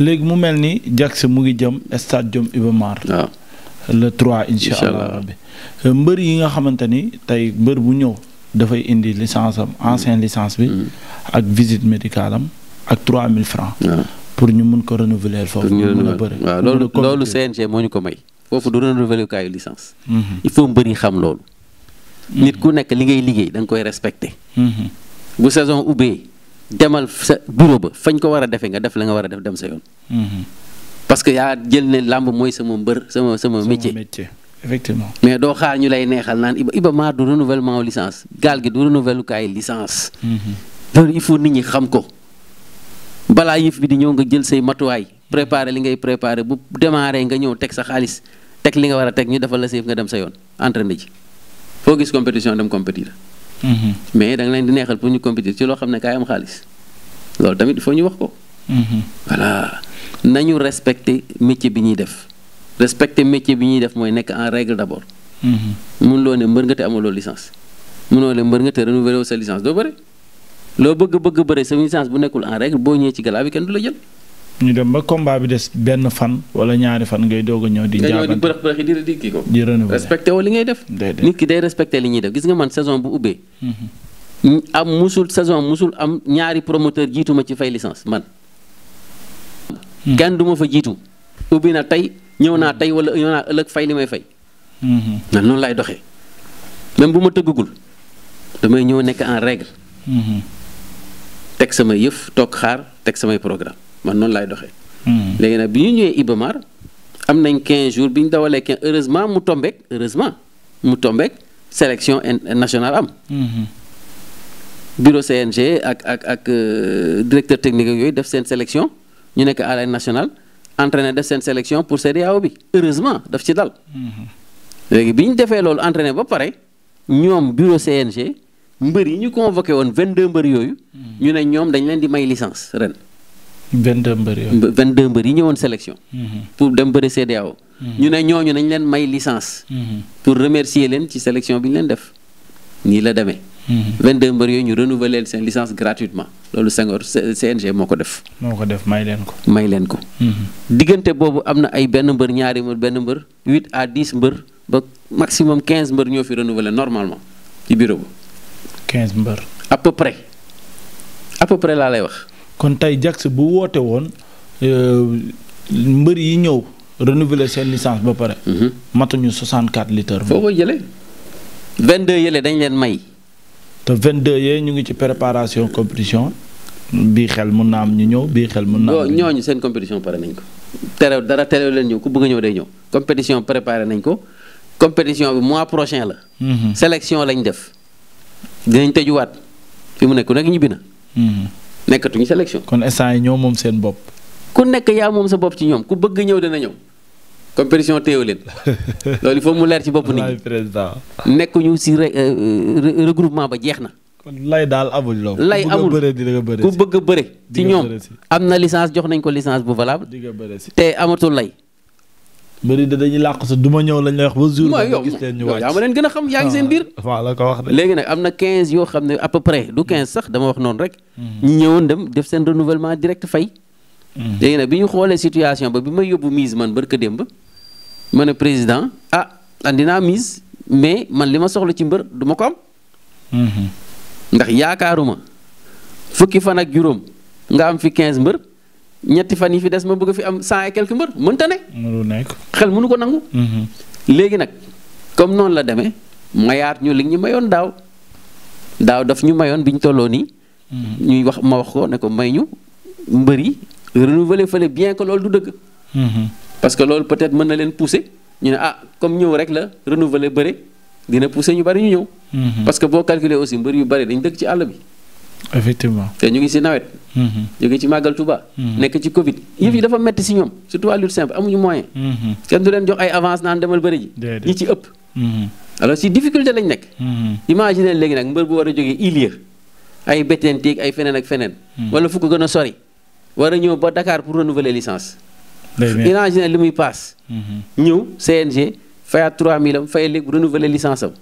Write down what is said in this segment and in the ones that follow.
léegi mu mel ni Jax mu ngi jëm stade Jom Iba Mar ah. le 3 allah rabbi euh, mbër yi nga xamante ni tey mbër bu ñëw dafay indi licence am ancienne mm. licence bi. Mm. ak visite médicale am ak mille francs ah. pour ñu mun ko renouveler foofu. ñu loolu CNG moo ñu ko may. foofu du renouveler kaayu licence. Mm-hmm. il faut mbër xam loolu. Mm-hmm. nit ku nekk li ngay liggéey da koy respecté. Mm-hmm. bu saison ubbee. demal sa bureau ba fañ ko war a defee nga def la nga war a def dem sa yoon. Mhm. parce que yaa jël ne làmb mooy sama mbër sama sama métier. effectivement mais doo xaar ñu lay neexal naan Iba Iba Mar du renouvellement licence gaal gi du renouvellukaay licence. Mhm. loolu il faut nit ñi xam ko. balaa yëf bi di ñëw nga jël say matuwaay préparer li ngay préparer bu démarrer nga ñëw teg sa xaalis teg li nga war a teg ñu defal la sa nga dem sa yoon entre entraîné ji foo gis compétition dem compétir. Mm-hmm. mais da nga leen di neexal pour ñu compétir ci loo xam ne kaay am xaalis loolu tamit il ñu wax ko. Mm-hmm. voilà nañu respecter métier bi ñuy def respecter métier bi ñuy def mooy nekk en règle d'abord. mun mm-hmm. loo ne mbër nga te amuloo licence munoo ne mbër nga te renouveler sa licence doo bëri loo bëgg bëgg bëri sa licence bu nekkul en règle boo ñëwee ci gala bi kenn du la jël. ñu dem ba combat bi des benn fan wala ñaari fan ngay doog a ñëw di. jaabante di bërëx bërëx di di kii ko. di li ngay def. nit ki day respecté li ñuy def gis nga man saison bu ubbee. Mm-hmm. am mosul saison mosul am ñaari promoteur jiitu ma ci fay licence man. Mm-hmm. kenn du ma fa jiitu. ubbi na tey ñëw naa tey wala ñëw naa ëllëg fay li may fay. Mm-hmm. man noonu lay doxee. même bu ma tëggagul damay ñëw nekk en règle. teg samay yëf toog xaar teg samay programme. man noonu laay doxee. Hmm. léegi nag bi ñu ñëwee Ibamar am nañ quinze jours bi ñu dawalee 15 heureusement mu tombeek heureusement mu tombeek sélection nationale am. Hmm. bureau CNG ak ak ak euh, directeur technique yooyu def seen sélection ñu nekk à l'arène nationale entraîné def seen sélection pour CEDEAO bi heureusement def ci dal. Hmm. léegi bi ñu defee loolu entraîné ba pare ñoom bureau CNG mbër yi ñu convoqué woon 22 mbër yooyu. ñu ne ñoom dañ leen di may licence ren. 22 mbër yooyu 22 mbër yi ñëwoon sélection. Mhm. pour dem bëri CEDEAO. Mhm. ñu ne ñooñu nañ leen may licence. Mhm. pour remercier leen ci sélection bi ñu leen def nii la demee. 22 mbër yooyu ñu renouveler seen licence gratuitement loolu Senghor CNG moo ko def. moo ko def may leen ko. may leen ko. diggante boobu am na ay benn mbër ñaari mbër benn mbër 8 à 10 mbër ba maximum 15 mbër ñoo fi renouveler normalement ci bureau bu 15 mbër. à peu près à peu près laa lay wax. kon tey Jax bu woote woon euh, mbër yi ñëw renouveler seen licence ba pare. Mhm. matuñu 64 litres. foo koy jëlee 22 yële dañ leen may. te 22 yee ñu ngi ci préparation compétition bii xel mun naa am ñu ñëw bii xel mun naa am ñooñu seen compétition pare nañ ko. terew dara terew leen ñëw ku bëgg a ñëw day ñëw compétition préparé nañ ko compétition bi mois prochain la. Mhm. sélection lañ def dinañ tëjuwaat fi mu nekk nag ñibbi na. Mhm. nekkatuñu sélection. kon instant yi ñoo moom seen bopp. ku nekk yaa moom sa bopp ci ñoom ku bëgg ñëw dana ñëw. compétition téew leen loolu il faut mu leer ci bopp nit ñi président nekkuñu si euh, re regroupement ba jeex na. kon lay daal amul lool. lay amul ku bëgg a bëre ci ñoom am na licence jox nañ ko licence bu valable. te amatul lay. mbëri de dañuy làq sa du ma ñëw lañ la wax ba jour. mooy yow leen ñu wàcc yaa ma leen gën a xam yaa ngi seen biir. ko wax léegi nag am na 15 yoo xam ne à peu près du 15 sax dama wax noonu rek. Hmm. ñi ñëwoon dem def seen renouvellement direct fay. Hmm. léegi nag bi ñu xoolee situation ba bi may yóbbu mise man barka démb ma ne président ah andi naa mise mais man li ma soxla ci mbër duma ko am. Hmm. ndax yaakaaruma fukki fan ak juróom nga am fi quinze mbër. ñetti fan yi fi des ma bëgg fi am cent et quelques mbër mënta ne. mënu nekk xel mënu ko nangu. Mhm. léegi nag comme noonu la demee mayaat ñu li ñu mayoon daaw daaw daf ñu mayoon bi ñu tolloo nii. Mhm. ñuy wax ma wax ko ne ko may ñu mbëri renouveler fële bien que loolu du dëgg. Mhm. parce que loolu peut-être mën na leen pousser ñu ne ah comme ñëw rek la renouveler bëre dina pousser ñu bari ñu ñëw. parce que boo calculer aussi mbër yu bari dañ dëkk ci àll bi. effectivement te ñu ngi si nawet. ñu mm-hmm. ngi ci màggal Touba. Mm-hmm. nekk ci Covid yëf yi mm-hmm. dafa metti si ñoom surtout à lutte simple amuñu moyen. kenn du leen jox ay avance naan demal bëri ji. ñi ci ëpp. alors si difficulté lañ nekk. imagine léegi nag mbër bu war a jógee Ilier ay Bettenteeg ay feneen ak feneen. wala fu ko gën a sori. war a ñëw ba dakaar pour renouveler licence. imagine li muy paas. ñëw CNG fayaat 3000 am fay léegi renouveler licence am.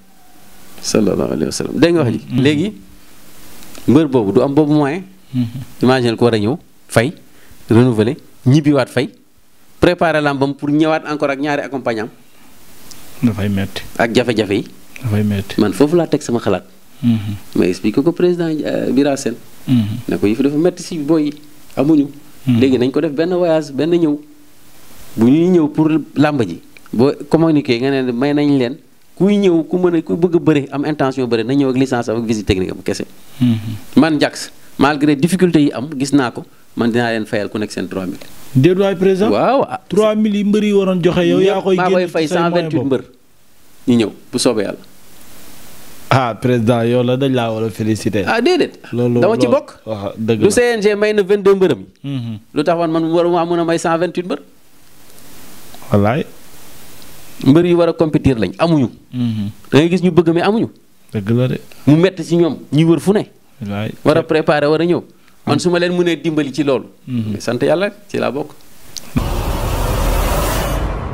sallallahu alayhi wa sallam dégg nga wax ji léegi. mbër boobu du am boobu moyen. Mm-hmm. imagine ko war a ñëw fay renouveler ñibbiwaat fay préparer làmbam pour ñëwaat encore ak ñaari accompagnant dafay metti ak jafe-jafe yi. dafay metti man foofu laa teg sama xalaat. Mm-hmm. ma expliqué ko président euh, Bira Sène. Mm-hmm. ne ko yëf dafa metti si booy yi amuñu. léegi nañ ko def benn voyage benn ñëw bu ñuy ñëw pour làmb ji boo communiqué nga ne may nañ leen. kuy ñëw ku mën a ku bëgg a bëre am intention bëre na ñëw ak licence am ak visite technique am kese. Mhm. man Jax malgré difficulté yi am gis naa ko man dinaa leen fayal ku nekk seen 3000. déedéet waay président waaw. 3000 yi mbër yi waroon joxe yow. yaa koy génn maa koy fay 128 mbër ñu ñëw bu soobee yàlla. Ah, la dañ laa a féliciter. ah déedéet. loolu dama lu may na 22 mbërëm. Mhm. lu tax man man war mën a may 128 mbër. wallaay. mbër yi war a compétir lañ amuñu. Mhm. da ngay gis ñu bëgg mais amuñu. dëgg la de. mu metti ci ñoom ñuy wër fu ne. waay war a préparer war a ñëw. man su ma leen mënee dimbali ci loolu. Mhm. sant yàlla ci laa bokk.